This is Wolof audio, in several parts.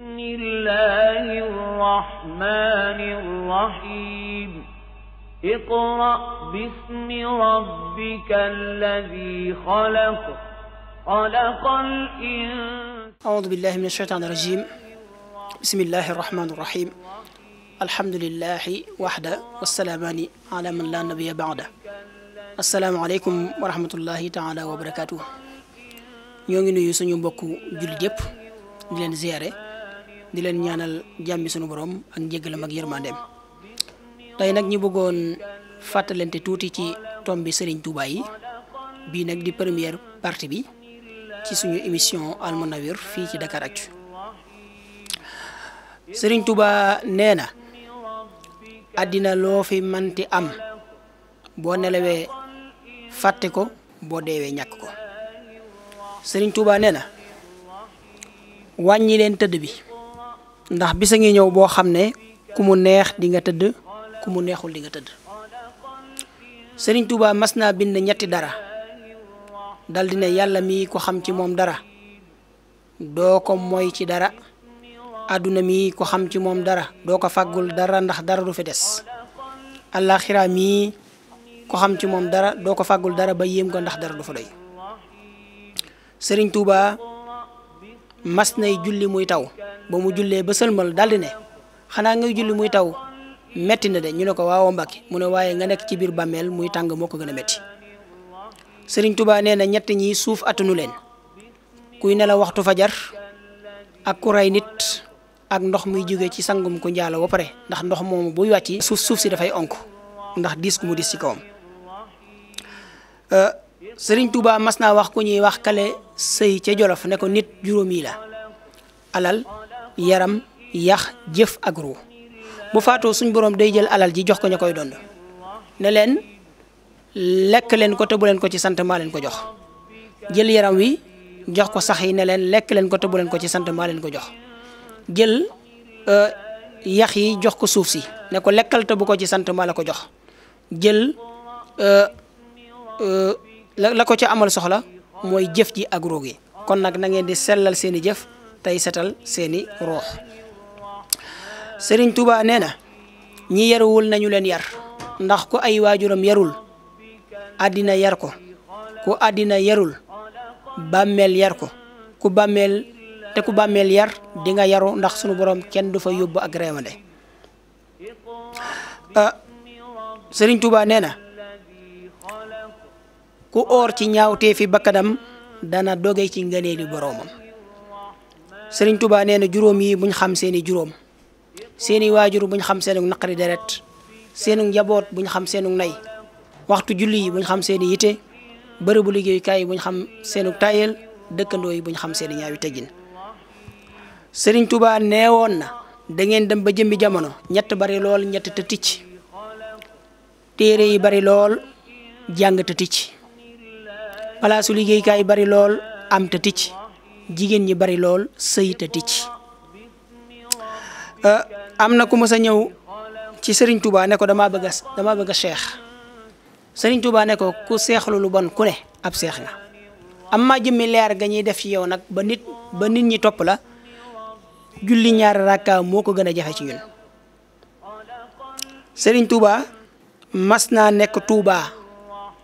بسم الله الرحمن الرحيم اقرأ باسم ربك الذي خلق خلق الإنسان أعوذ بالله من الشيطان الرجيم بسم الله الرحمن الرحيم الحمد لله وحده والسلامان على من لا نبي بعده السلام عليكم ورحمة الله تعالى وبركاته يوم ngi nuyu بكو mbokku جيب yépp زياره di len ñaanal jambi suñu borom ak njéggalam ak yermandem tay nak ñu bëggoon fatalenté tuuti ci tombi Serigne Touba yi bi nak di première partie bi ci suñu émission munawir fi ci Dakar ak Serigne Touba nee adina lo fi manti am bo nelewé fatte ko bo déwé ñak ko Serigne Touba nee wañi len teud bi ndax bisa ngi ñëw boo xam ne ku mu neex di nga tëdd ku mu neexul di nga tëdd sëriñ Tuuba mas naa bind ñetti dara daldi di ne yàlla mi ko xam ci moom dara doo ko moy ci dara àdduna mii ko xam ci moom dara doo ko fàggul dara ndax dara du fi des àllaaxira mii ko xam ci moom dara doo ko fàggul dara ba yéem ko ndax dara du fa doy sëriñ Tuuba mas nay julli muy taw ba mu jullee ba sëlmal daal di mui tau ngay julli muy taw metti na de ñu ne ko waawoo Mbàkke mu ne waaye nga nekk ci biir bàmmeel muy tàng moo ko gën a metti Sëriñ nee na ñett ñi suuf attanu leen kuy nelaw waxtu fajar ak ku rey nit ak ndox muy jóge ci sangum ku njaalo ba pare ndax ndox moomu buy wàcc suuf suuf si dafay onk ndax diis ku mu diis ci kawam euh, Sëriñ Tuubaa mas naa wax ku ñuy wax kale sëy ca Jolof ne ko nit juróom la alal yaram yax jëf ak ruu bu faatoo suñ borom day jël alal ji jox ko ña koy dond ne leen lekk leen ko te bu leen ko ci sant maa leen ko jox jël yaram wi jox ko sax yi ne leen lekk leen ko te leen ko ci sant maa leen ko jox jël euh, yax yi jox ko suuf si ne ko lekkal te ko ci sant maa la ko jox jël euh, euh, la ko ca amal soxla mooy jëf ji ak ruug kon nag na ngeen di sellal seeni jëf tey setal seeni ruux Sëriñ Tuuba nee na ñi yaruwul nañu leen yar ndax ku ay waajuram yarul àddina yar ko ku àddina yarul bàmmeel yar ko ku bàmmeel te ku bàmmeel yar di nga yaru ndax sunu boroom kenn du fa yóbbu ak réewande ah, Sëriñ Tuuba nee na ku oor ci ñaawtee fi bakkanam dana doge ci ngëneeli boroomam sëriñ Touba nee na juróom yi buñ xam seeni juróom seeni waajur buñ xam seenu naqari deret seenu njaboot buñ xam seenu nay waxtu julli yi buñ xam seen i yite bërëbu liggéeyukaay yi buñ xam seenu tayel dëkkandoo yi buñ xam seen i ñaawi sëriñ Touba nee woon na da ngeen dem ba jëmbi jamono ñett bari lool ñett te ticc téere yi bari lool jàng te ticc palaasu liggéeykaay bari lool am te jigéen ñi bari lool sëy te ticc euh, am na ku mës a ñëw ci sëriñ Touba ne dama bëgg a bëgg a seex Serigne Touba ne ko ku seexlu lu bon ku ne ab seex nga am ma jëmmi leer ga ñuy def ci yow nag ba nit ba nit ñi topp la julli ñaari rakka moo ko gën a jafe ci ñun Serigne Touba mas naa nekk Touba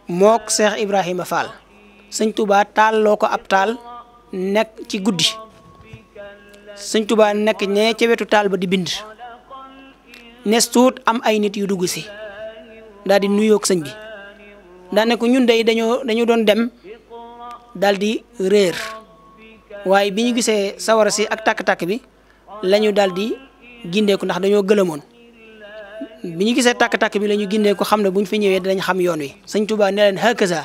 mook Seex Ibrahima Fall Sëñ Touba taal loo ko ab taal. nekk ci guddi sëñ Tuubaa nekk ñee ca wetu taal ba di bind nees tuut am ay nit yu dugg si daldi di nuyoog sëñ bi daa ne ko ñun day dañoo dañu doon dem daal di réer waaye bi ñu gisee sawara si ak tàkk-tàkk bi lañu daal di gindeeku ndax dañoo gëlëmoon bi ñu gisee tàkk-tàkk bi la ñu gindeeku xam ne buñ fi ñëwee dañ xam yoon wi sëñ Tuubaa ne leen hakaza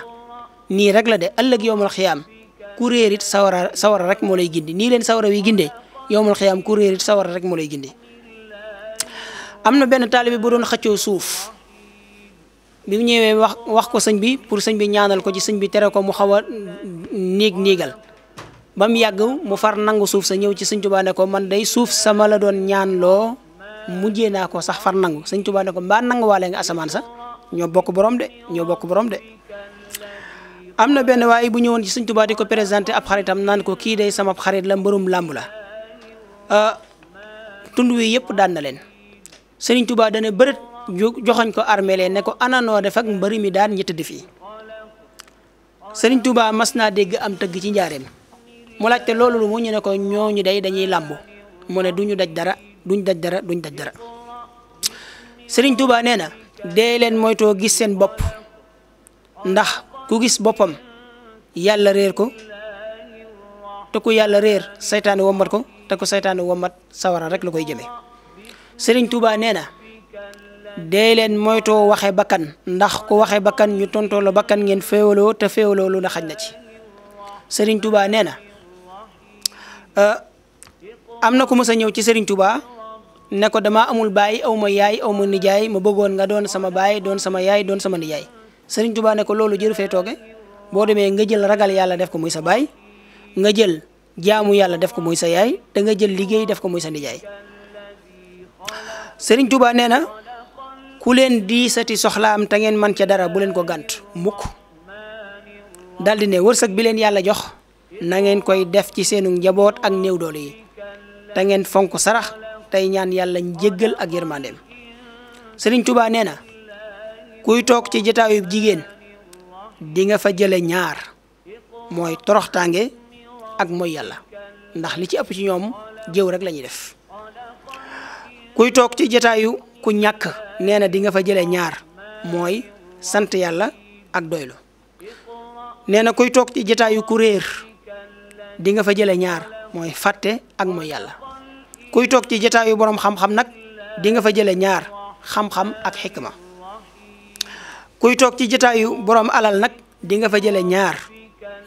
nii rek la de ëllëg yowmal xiyaam ku réer it sawara sawara rek moo lay gindi nii leen sawara wi gindee yow xiyaam ku réer it sawara rek moo lay gindi am na benn taalibe bu doon xëccoo suuf bi mu ñëwee wax wax ko sëñ bi pour sëñ bi ñaanal ko ci sëñ bi tere ko mu xaw a niig niigal ba mu yàgg mu far nangu suuf sa ñëw ci sëñ Tuubaa ko man day suuf sama la doon ñaan loo mujjee naa ko sax far nangu sëñ Tuubaa ko mbaa nanguwaale nga asamaan sax ñoo bokk borom de ñoo bokk borom de am na benn waaye bu ñëwoon ci sëñ Tuubaa di ko présenté ab xaritam naan ko kii day sama xarit la mbërum làmb la ah, tund wi yëpp daan na leen sëriñ Tuubaa dana bërët joxoñ ko armée leen ne ko ananoo def ak mbëri mi daan ñi di fii sëriñ Tuubaa mas naa dégg am tëgg ci njaareem mu laajte loolu lu mu ñu ne ko ñooñu day dañuy làmb mu ne duñu daj dara duñ daj dara duñ daj dara sëriñ Tuubaa nee na dee leen moytoo gis seen bopp ndax ku gis boppam yàlla réer ko te ku yàlla réer saytaane wommat ko te ku saytaane wommat sawaraan rek la koy jëmee Sëriñ Tuubaa nee na dee leen moytoo waxe bakkan ndax ko waxe bakkan ñu tontoo la bakkan ngeen féewaloo te féewaloo lu la xaj na ci Sëriñ Tuubaa nee na euh, am na ku mës a ñëw ci Sëriñ Tuubaa ne ko damaa amul baay aw ma yaay aw ma nijaay ma bëggoon nga doon sama baay doon sama yaay doon sama nijaay Sëriñ Tuubaa ne ko loolu jëru fee tooge boo demee nga jël ragal yàlla def ko muy sa baay nga jël jaamu yàlla def ko muy sa yaay te nga jël liggéey def ko muy sa nijaay Sëriñ Tuubaa nee na ku leen di sati soxlaam te ngeen man ca dara bu leen ko gànt mukk daldi di ne wërsëg bi leen yàlla jox nangeen koy def ci seenu njaboot ak néew doole yi te ngeen fonk sarax tey ñaan yàlla njéggal ak yërmandeem Sëriñ Tuubaa nee kuy tok ci jataayub jigen, di nga fa jele ñaar mooy toroxtaange ak moy yalla ndax li ci ëpp ci ñom jëw rek lañuy def kuy tok ci jataayu ku ñak neena di nga fa jele ñaar moy sante yalla ak doylo neena kuy tok ci jataayu ku reer di nga fa jele ñaar moy fatte ak moy yalla kuy tok ci jataayu borom xam-xam nak di nga fa jele ñaar xam-xam ak hikma kuy tok ci yu borom alal nak di nga fa jele ñaar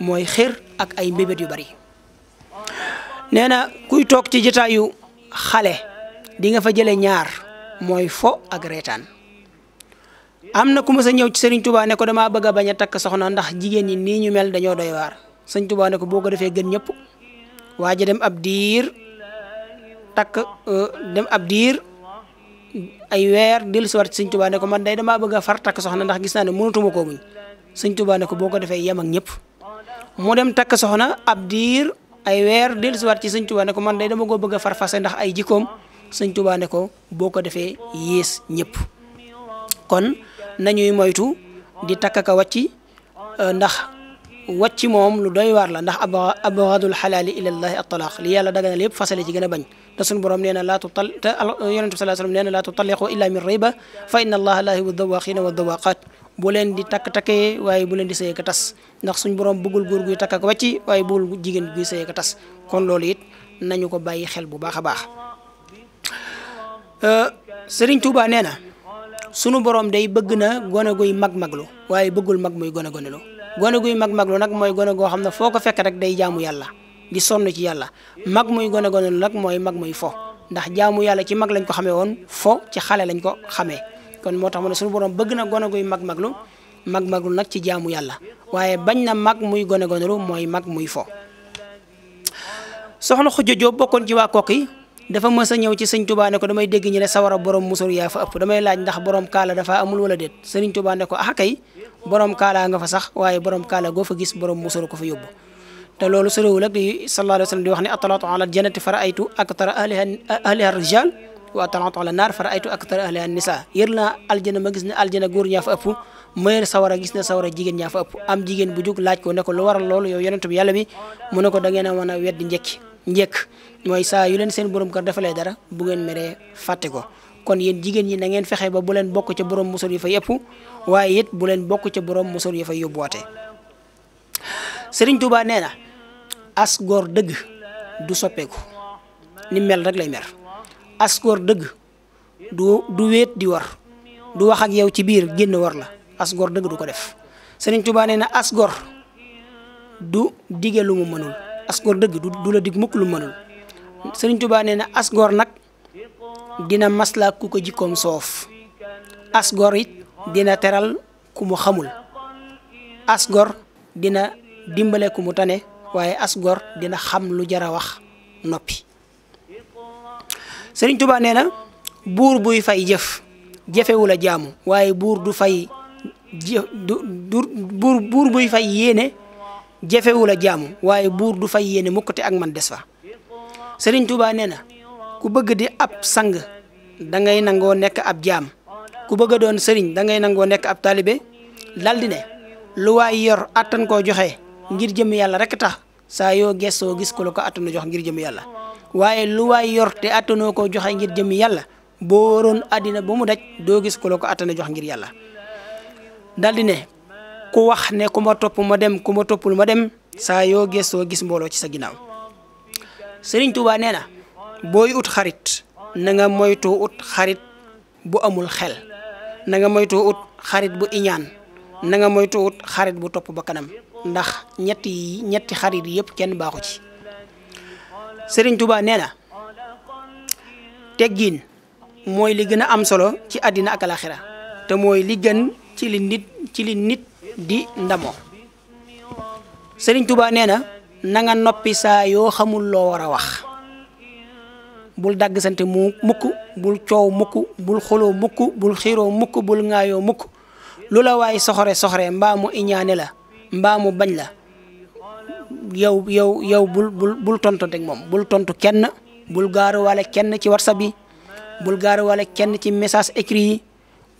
moy xir ak ay mbebet yu bari neena kuy tok ci yu xale di nga fa jele ñaar moy fo ak reetaan amna ku mësa ñew ci Serigne Touba ne ko dama bëgg baña tak soxna ndax jigen ni ñu mel dañu doy war Serigne Touba ne ko boko defé gën ñëpp waji dem abdir. tak euh, dem abdir ay wer del si seigne touba ne ko man day dama bëgg far tak soxna ndax gis na ne mënatuma koo muñ seigne touba ne ko boko ko yam ak ñëpp mu dem tak soxna ab diir ay wer del si ci seigne touba ne ko man day dama go bëgg far fasé ndax ay jikom seigne touba ne ko boko yes kon nañuy moytu di tak ka wacci euh, ndax wacci mom lu doy war la ndax abghadul ila allah at talaq li yalla daganal yëpp fasale ci gëna bañ te suñu borom nee na laa tutal te yonent bi sallallahu alayhi wa sallam nee na laa tutaliqu illa min riba fa inna allaha laa leen di takk-takkee waaye bu leen di sëyee ka tas ndax suñu borom bëggul góor guy takk ak wàcci waaye bëggul jigéen guy sëyee ka tas kon loolu it nañu ko bàyyi xel bu baax a baax euh, Serigne Touba nee na sunu borom day bëgg na gone guy mag-maglu mag waaye bëggul mag muy gone gone loo gone guy mag-maglu nag mooy gone goo xam ne foo ko fekk rek day jaamu yàlla di sonn ci yàlla mag muy gone gone nag mooy mag muy fo ndax jaamu yàlla ci mag lañ ko xamee woon fo ci xale lañ ko xamee kon moo tax mu ne suñu borom bëgg na gone guy mag maglu mag maglu nag ci jaamu yàlla waaye bañ na mag muy gone gone lu mooy mag muy fo soxna Xujja Jóob bokkoon ci waa Kokki dafa mës a ñëw ci sëñ Tuubaa ko damay dégg ñu ne sawara borom musóor yaa fa ëpp damay laaj ndax borom kaala dafa amul wala det sëriñ Tuubaa ne ko ah kay borom kaala nga fa sax waaye borom kaala goo fa gis borom musóor ko fa yóbbu te loolu sorewul ak li sallallahu alayhi wa sallam di wax ne atalaatu ala jannati fara aytu aktara ahliha ahliha rijal wa atalaatu ala naar fara aytu aktara ahliha nisa yër naa aljana ma gis ne aljana góor ñaa fa ëpp mayër sawara gis na sawara jigéen ñaa fa ëpp am jigéen bu jug laaj ko ne ko lu waral loolu yow yonent bi yàlla bi mu ne ko da ngeen a mën a weddi njëkki njëkk mooy saa yu leen seen borom kër defalee dara bu ngeen meree fàtte ko kon yéen jigéen ñi na ngeen fexe ba bu leen bokk ca borom musal yu fay ëpp waaye it bu leen bokk ca borom musal yu fay yóbbuwaate Sëriñ Tuubaa nee na asgor góor dëgg du soppeeku ni mel rek lay mer as dëgg du du wéet di war du wax ak yow ci biir génn war la as góor dëgg du ko def Sëriñ Tuubaa nee na asgor du dige mënul as góor dëgg du lu mënul Sëriñ Tuubaa na as nag dina maslaa ku ko jikkoom soof as góor dina teral ku mu xamul asgor dina dimbale ku mu tane waaye as gor dina xam lu jar a wax noppi Sëriñ Tuubaa nee na buur buy fay jëf jafewul a jaamu waaye buur du fay jëf du buur buy fay yéene jafewul a jaamu waaye buur du fay yéene mukk ak man des fa Sëriñ Tuubaa nee na ku bëgg di ab sang dangay nangoo nekk ab jaam ku bëgg a doon sëriñ da ngay nangoo nekk ab taalibe dal di ne lu waay yor àttan koo joxe ngir jëm yàlla rek tax sa yo gessoo gis ko la ko attanu jox ngir jëm yalla waye lu way yorté te ko joxe ngir jëm yalla boo waroon àddina ba mu daj do gis ko ko jox ngir yalla dal di ne ku wax ne ku ma topp ma dem ku ma ma dem sa yo gessoo gis mbolo ci sa ginaaw serigne touba neena na ut xarit na nga moytu ut xarit bu amul xel na nga moytu ut xarit bu iñaan na nga moytu ut xarit bu topo ba kanam ndax ñetti ñetti xarit yépp kenn baaxu ci serigne touba neena teggin moy li gëna am solo ci adina ak akhirah. te moy li gën ci li nit ci li nit di ndamo serigne touba neena na nga noppi sa yo xamul lo wara wax bul dag sante mu mukk bul ciow mukk bul xolo mukk bul xiro mukk bul ngaayo mukk lula way soxore soxore mbaa mu la mbaa mu bañ la yow yow yow bul bul bul tontu teg moom bul tontu kenn bul gaaruwaale kenn ci whatsapp bi bul gaaruwaale kenn ci message écrit yi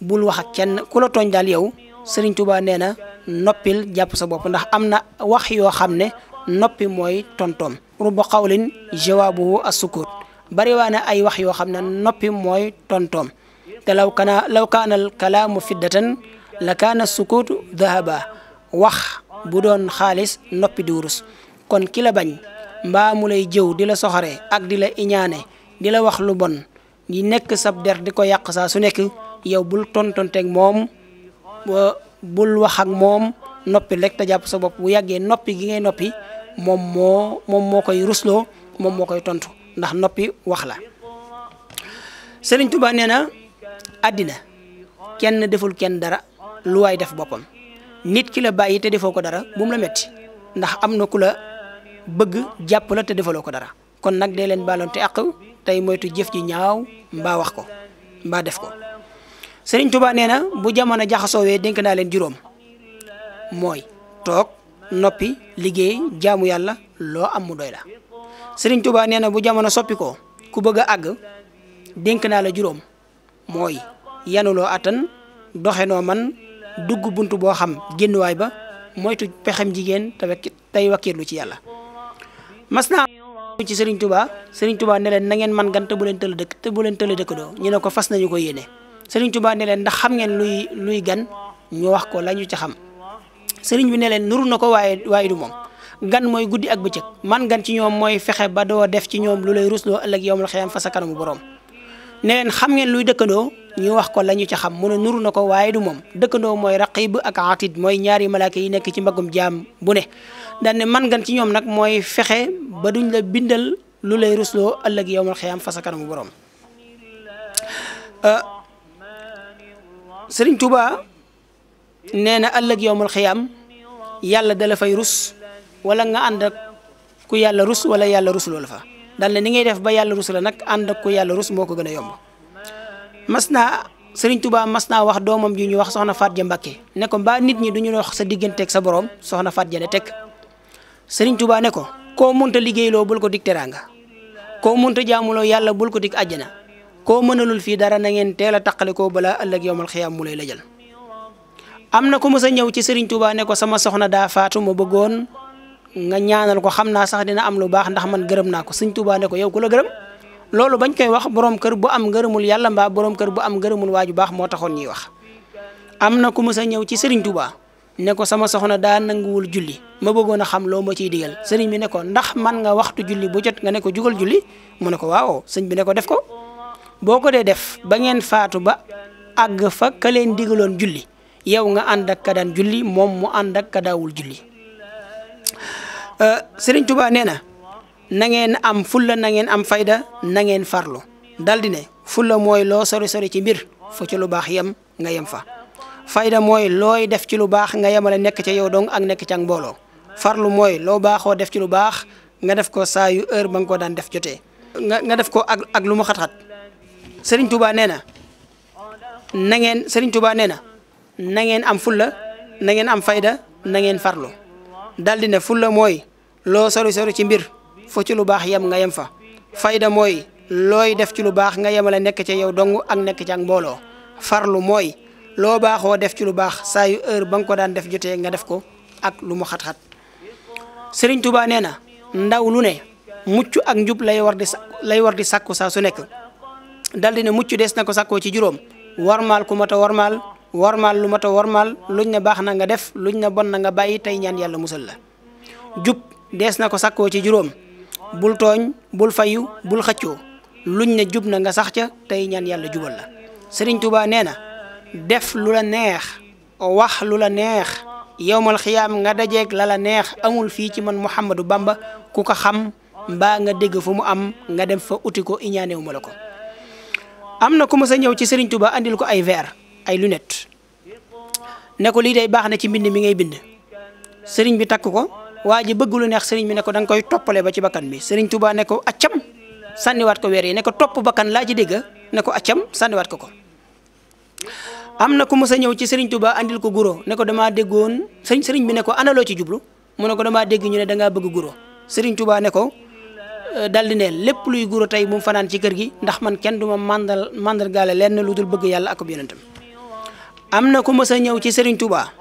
bul wax ak kenn ku la tooñ daal yow Serigne Touba nee na noppil jàpp sa bopp ndax am na wax yoo xam ne noppi mooy tontoom rubu xawlin jawaabuhu asukut bari waa ne ay wax yoo xam ne noppi mooy tontoom te law kana law kaanal kalaamu fiddatan la kaana sukutu dahaba wax bu doon nopi durus kon ki la bañ mbaa mu lay jëw di la soxore ak di la iñaane di la wax lu bon di nek sab der di ko yàq saa su nekk yow bul tontonteeg moom bul wax ak moom noppi rek ta jàpp sa bopp bu yàggee noppi gi ngay noppi moom moo moom moo koy rusloo moom moo koy tontu ndax noppi wax la Sëriñ Tuubaa nee na kenn deful kenn dara lu waay def boppam nit ki la bàyyi te defoo ko dara bu mu la metti ndax am na ku la bëgg jàpp la te defaloo ko dara kon nag dee leen baaloon te àq tey moytu jëf ji ñaaw mbaa wax ko mbaa def ko Sëriñ Tuubaa nee na bu jamono jaxasoowee dénk naa leen juróom mooy toog noppi liggéey jaamu yàlla loo am mu doy la Sëriñ Tuubaa nee na bu jamono soppi ko ku bëgg a àgg dénk naa la juróom mooy yanuloo attan doxe noo man dugg bunt boo xam génnuwaay ba moytu pexem jigéen te tey wakkiirlu ci yàlla mas naa ci Serigne Touba Serigne Touba ne leen na ngeen man gan te bu leen tëla dëkk te bu leen tëla ñu ne ko fas nañu ko yéene Serigne Touba ne leen ndax xam ngeen luy luy gan ñu wax ko la ñu ci xam sëriñ bi ne leen nuru na ko waaye waaye du moom gan mooy guddi ak bëccëg man gan ci ñoom mooy fexe ba doo def ci ñoom lu lay rusloo ëllëg yowmal xiyaam fa sa kanamu borom. ne xam ngeen luy dëkkandoo ñu wax ko la ñu ca xam mu ne nuru na ko waaye du moom dëkkandoo mooy raqib ak atid mooy ñaari malaaka yi nekk ci mbaggum jaam bu ne daan ne man gan ci ñoom nag mooy fexe ba duñ la bindal lu lay rusloo ëllëg yowmal xiyaam fa sa kanamu borom euh, sëriñ Tuuba nee na ëllëg yowmal xiyaam yàlla dala fay rus wala nga ànd ku yàlla rus wala yàlla rusloo la fa dal ne ni ngay def ba yàlla rus la nag ànd ak ko yàlla rus moo ko gën a yomb mas naa sëriñ Touba mas naa wax doomam ji ñu wax soxna Faat Ja Mbàkke ne ko mbaa nit ñi du ñu wax sa digganteeg sa borom soxna Faat Ja ne teg sëriñ Touba ne ko koo mënta liggéeyloo bul ko dig teraanga koo mënta jaamuloo yàlla bul ko dig àjjana koo mënalul fii dara na ngeen teel a taqale ko balaa ëllëg yowmal xiyaam mu lay lajal am na ko mës a ñëw ci sëriñ Touba ne ko sama soxna daa faatu bëggoon nga ñaanal ko xam naa sax dina am lu baax ndax man gërëm naa ko sëñ Tuubaa ne ko yow ku la gërëm loolu bañ koy wax borom kër bu am ngërëmul yàlla mbaa borom kër bu am ngërëmul waaju baax moo taxoon ñuy wax am na ku mës a ñëw ci sëriñ ne ko sama soxna daa nanguwul julli ma bëggoon a xam loo ma ciy digal sëriñ bi ne ko ndax man nga waxtu julli bu jot nga ne ko jugal julli mu ne ko waaw sëñ bi ne ko def ko boo ko dee def ba ngeen faatu ba àgg fa ka leen digaloon julli yow nga ànd ak ka daan julli moom mu ànd ka julli Euh, Serigne Touba nee na na ngeen am fulla na ngeen am fayda na ngeen farlu dal ne fulla mooy loo sori sori ci mbir fa ci lu baax yem nga yem fa fayda mooy looy def ci lu baax nga yemale nekk ca yow dong ak nekk ca mbooloo farlu mooy loo baaxoo def ci lu baax nga def ko saayu yu heure ba nga ko daan def jotee nga nga def ko ak ak lu mu xat-xat Serigne Touba nee na na ngeen Serigne Touba na na ngeen am fulla na ngeen am fayda na ngeen farlu dal di ne fulla mooy loo sori sori ci mbir fu ci lu baax yem nga yem fa fayda mooy looy def ci lu baax nga yemale nekk ci yow dong ak nekk ci ak mbooloo farlu mooy loo baaxoo def ci lu baax saa yu heure ba nga ko daan def jotee nga def ko ak lu mu xat-xat Sëriñ Tuubaa na ndaw lu ne mucc ak njub lay war di lay war di sàkku saa su nekk daldi ne mucc des na ko sàkkoo ci juróom warmaal ku warmaal warmal lu mata warmal luñ na baax nga def luñ na bon na nga bayyi tay ñaan yalla musal la jup des na ko sakko ci juroom bul togn bul fayu bul xaccio luñ na jup na nga sax ca tay ñaan yalla jubal la serigne touba neena def lu la neex wax lu la neex yowmal khiyam nga dajeeg la la neex amul fi ci man muhammadu bamba ku ko xam mbaa nga deg fu mu am nga dem fa outiko iñaneewuma lako amna ku sa ñew ci serigne touba andil ko ay verre ay neko ne ko li day bax na ci mbind mi ngay bind serigne bi takko waji waa bëgg lu neex serigne mi ne ko dang koy ba ci bakkan bi serigne Touba ne ko accam wat ko wéré ne ko top bakkan la ci dégg ne ko accam wat ko ko. am ku mës ñew ci serigne Touba andil ko guro ne ko sering déggoon serigne serigne bi ne ko lo ci jublu mu ne ko dama dégg ñu ne da nga bëgg guro serigne Touba ne ko dal di ne lepp luy guro tay mu fanan ci kër gi ndax man kenn duma mandal mandal mandargaale lenn ludul bëgg yalla ak yonentam am na ku mës a ñëw ci Serigne Touba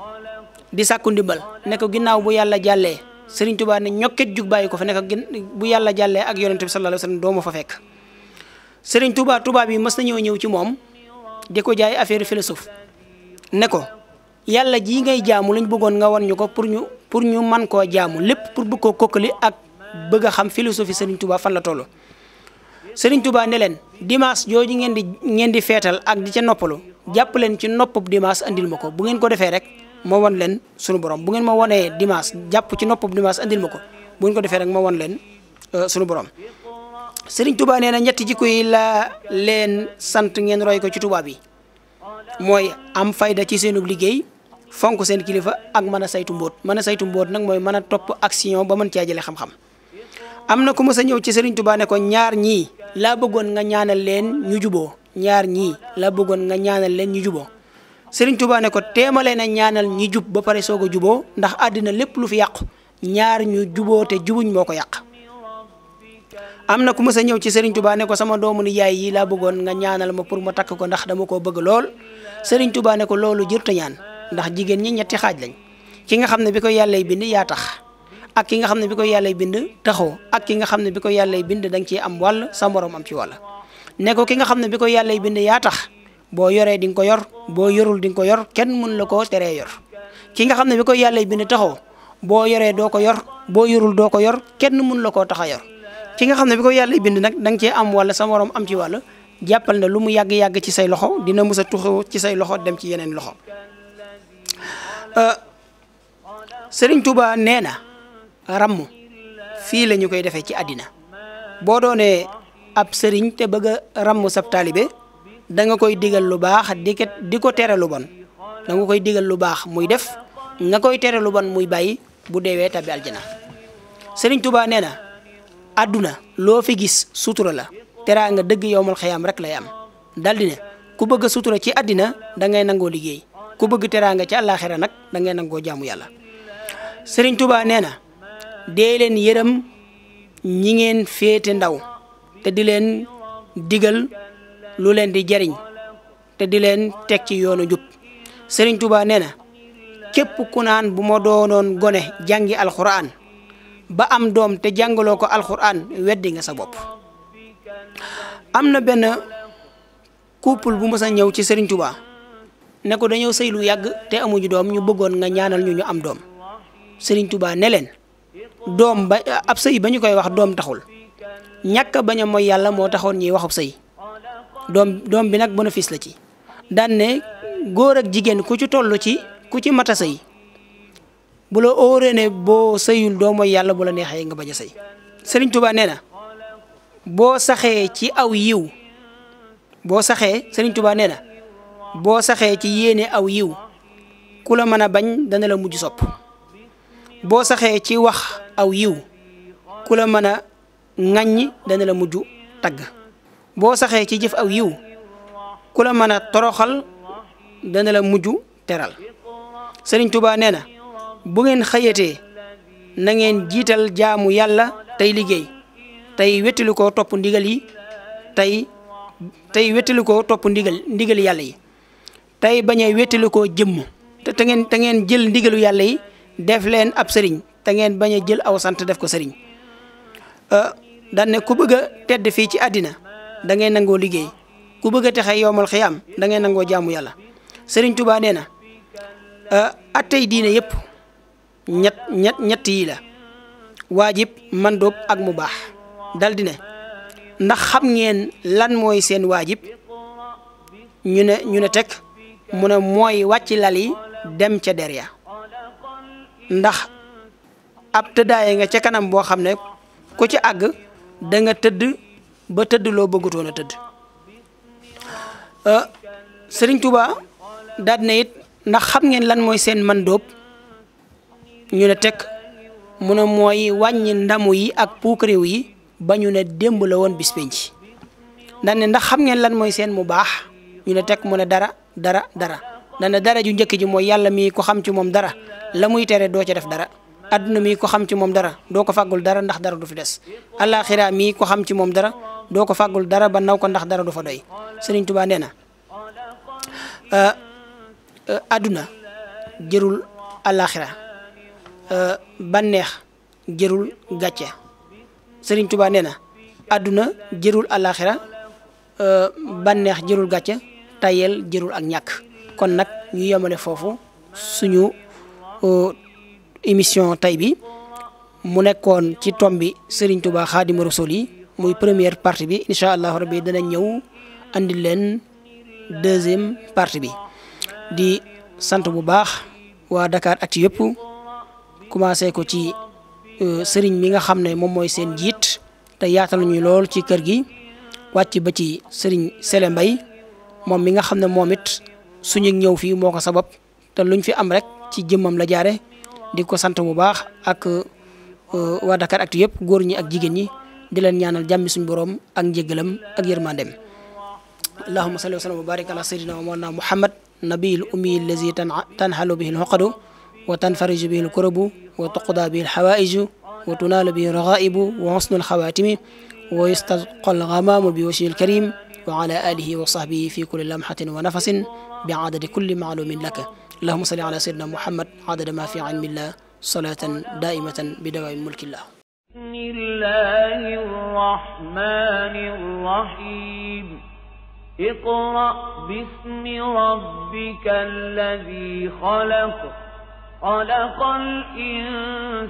di sàkku ndimbal ne ko ginnaaw bu yàlla jàllee Serigne Touba ne ñokket jug bàyyi ko fa ne ko bu yàlla jàllee ak yonent bi sallallahu alayhi wa doo ma fa fekk sëriñ Touba Touba bi mës na ñëw ñëw ci moom de ko jaay affaire philosophe ne ko yàlla jii ngay jaamu lañ bëggoon nga wan ñu ko pour ñu pour ñu man koo jaamu lépp pour bëgg koo kokkali ak bëgg a xam philosophie Serigne Touba fan la toll. sëriñ Touba ne leen dimanche jooju ngeen di ngeen di feetal ak di ca noppalu jàpp leen ci noppub dimanche andil ma ko bu ngeen ko defee rek ma won leen sunu borom bu ngeen ma wonee dimanche jàpp ci noppub dimanche andil ma ko bu ko defee rek ma leen euh, sunu borom. sëriñ Touba nee na ñetti jikko yi laa leen sant ngeen roy ko ci tubaab yi mooy am fayda ci seenub liggéey fonk seen kilifa ak mën a saytu mbóot mën a mbóot nag mooy mën a topp action ba mën caa jëlee xam-xam am na ku mës ñëw ci sëriñ ko ñaar ñii. laa bëggoon nga ñaanal leen ñu juboo ñaar ñii laa bëggoon nga ñaanal leen ñu juboo Sëriñ tubaane ne ko teemalee na ñaanal ñi jub ba pare soog a juboo ndax àddina lépp lu fi yàqu ñaar ñu juboo te jubuñ moo ko yàq am na ku mës a ñëw ci Serigne Touba ne ko sama doomu ni yaay yi laa bëggoon nga ñaanal ma pour ma takk ko ndax dama koo bëgg lool Serigne Touba ko loolu jërta ñaan ndax jigéen ñi ñetti xaaj lañ ki nga xam ne bi ko yàlla bind yaa tax ak ki nga xam ne bi ko yàllay bind taxaw ak ki nga xam ne bi ko yàllay bind da nga am wàll sa am ci wàll ne ko ki nga xam ne bi ko yàllay bind yaa tax boo yoree di nga ko yor boo yorul di nga ko yor kenn mun la koo teree yor ki nga xam ne bi ko yàllay bind taxaw boo yoree doo ko yor boo yorul doo ko yor kenn mun la koo tax a yor ki nga xam ne bi ko yàllay bind nag da cee am wàll sa morom am ci wàll jàppal na lu mu yàgg-yàgg ci say loxo dina mës a tuxu ci say loxo dem ci yeneen loxo euh, Sëriñ Tuuba nee na ramm fii la ñu koy defee ci àddina boo doonee ab sëriñ te bëgg a ramm sab taalibe da koy digal lu baax di ko di ko tere lu bon da koy digal lu baax muy def nga koy tere lu bon muy bàyyi bu deewee tabbi aljana sëriñ tubaa nee na àdduna loo fi gis sutura la teraanga nga dëgg yowmal xayaam rek lay am daldi ne ku bëgg a sutura ci àddina da ngay nangoo liggéey ku bëgg teraa nga ci àllaaxira nag da ngay nangoo jaamu yàlla sëriñ Tuubaa nee na dee leen yërëm ñi ngeen féete ndaw te di leen digal lu leen di jariñ te di leen teg yoonu jub Sëriñ Tuuba nee na képp ku naan bu ma doonoon gone jàngi alxuraan ba am doom te jàngaloo ko alxuraan weddi nga sa bopp am na benn couple bu mës a ñëw ci Sëriñ Tuuba ne ko dañoo sëy lu yàgg te amuñu doom ñu bëggoon nga ñaanal ñu ñu am doom Sëriñ Tuuba leen doom ba ab sëy ba ñu koy wax doom taxul ñàkk bañ a mooy yàlla moo taxoon ñuy waxub sëy doom doom bi nag bénéfice la ci daan góor ak jigéen ku ci toll ci ku ci mat a sëy bu la óoree ne boo sëyul doom mooy yàlla bu la neexee nga bañ a sëy Sëriñ Tuubaa nee na boo saxee ci aw yiw boo saxee Sëriñ Tuubaa nee na boo saxee ci yéene aw yiw ku la mën a bañ dana la mujj sopp boo saxee ci wax aw yiw ku la mën a ŋàññi dana la mujj tagg boo saxee ci jëf aw yiw ku la mën a toroxal dana la mujj teral sëriñ Tuubaa nee na bu ngeen xëyatee na ngeen jiital jaamu yàlla tey liggéey tey wettali ko topp ndigal yi tey tey wettali ko topp ndigal ndigal yàlla yi tey bañ a wettali koo jëmm te te ngeen te ngeen jël ndigalu yàlla yi def leen ab sëriñ te ngeen bañ a jël aw sant def ko sëriñ euh, daan ne ku bëgg a tedd fii ci àddina da ngay nangoo liggéey ku bëgg a texe yowmal xiyaam da ngay nangoo jaamu yàlla sëriñ Tuubaa nee na euh, attey diine yëpp ñett ñett ñett yi la man mandóob ak mu baax dal ne ndax xam ngeen lan mooy seen waajib ñu ne ñu teg mu ne mooy wàcc lali dem ca der ya ndax ab tëddaay nga ca kanam boo xam ne ku ci àgg danga tëdd ba tëdd loo bëggutoon a tëdd euh, sëriñ Touba daat na it ndax xam ngeen lan mooy seen man dóob ñu ne teg mu ne mooy wàññi ndamu yi ak puukaréew yi ba ñu ne démb la woon bis penc daan ne ndax xam ngeen lan mooy seen mu baax ñu ne teg mu ne dara dara dara daan ne dara ju njëkk ji mooy yàlla mii ko xam ci moom dara la muy tere doo ca def dara adduna mii ko xam ci moom dara doo ko fàggul dara ndax dara du fi des alaxira mii ko xam ci moom dara doo ko fàggul dara ba naw ko ndax dara du fa doy Sëriñ Tuubaa nee na adduna euh, euh, jërul alaxira euh, banneex jërul gàcce Sëriñ Tuubaa na adduna jërul alaxira banneex jërul gàcce tayel jërul ak ñàkk kon nag ñu yemale foofu suñu émission tay bi mu nekkoon ci tom bi Serigne Touba khadim Rassoul yi muy première partie bi incha allah rabbi dana ñëw andil leen deuxième partie bi di sant bu baax waa Dakar ak ci yëpp commencé ko ci euh, Serigne mi nga xam ne moom mooy seen jiit te yaatal ñu lool ci kër gi wàcc ba ci Serigne Sele Mbay moom mi nga xam ne suñu ñëw fii moo sabab te luñ fi am rek ci jëmmam la jaare di ko sant bu baax ak waa Dakaractu yëpp góor ñi ak jigéen ñi di leen ñaanal jàmmi suñu borom ak njéggalam ak yërmandeem allahumma salli wa sallam wa barik ala sayyidina wa mawlana muhammad nabiil ummi allazi tanhalu bihi alxoqadu wa tanfariju bihi alkurabu wa tuqda bihi alxawaiju wa tunaalu bihi alraxaibu wa husnu alxawaatimi wa yustadqa algamaamu bi wajhi alkarim wa ala alihi wa sahbihi fi kulli lamxatin wa nafasin bi adadi kulli maalumin laka اللهم صل على سيدنا محمد عدد ما في علم الله صلاة دائمة بدوام ملك الله بسم الله الرحمن الرحيم اقرأ باسم ربك الذي خلق خلق الإنسان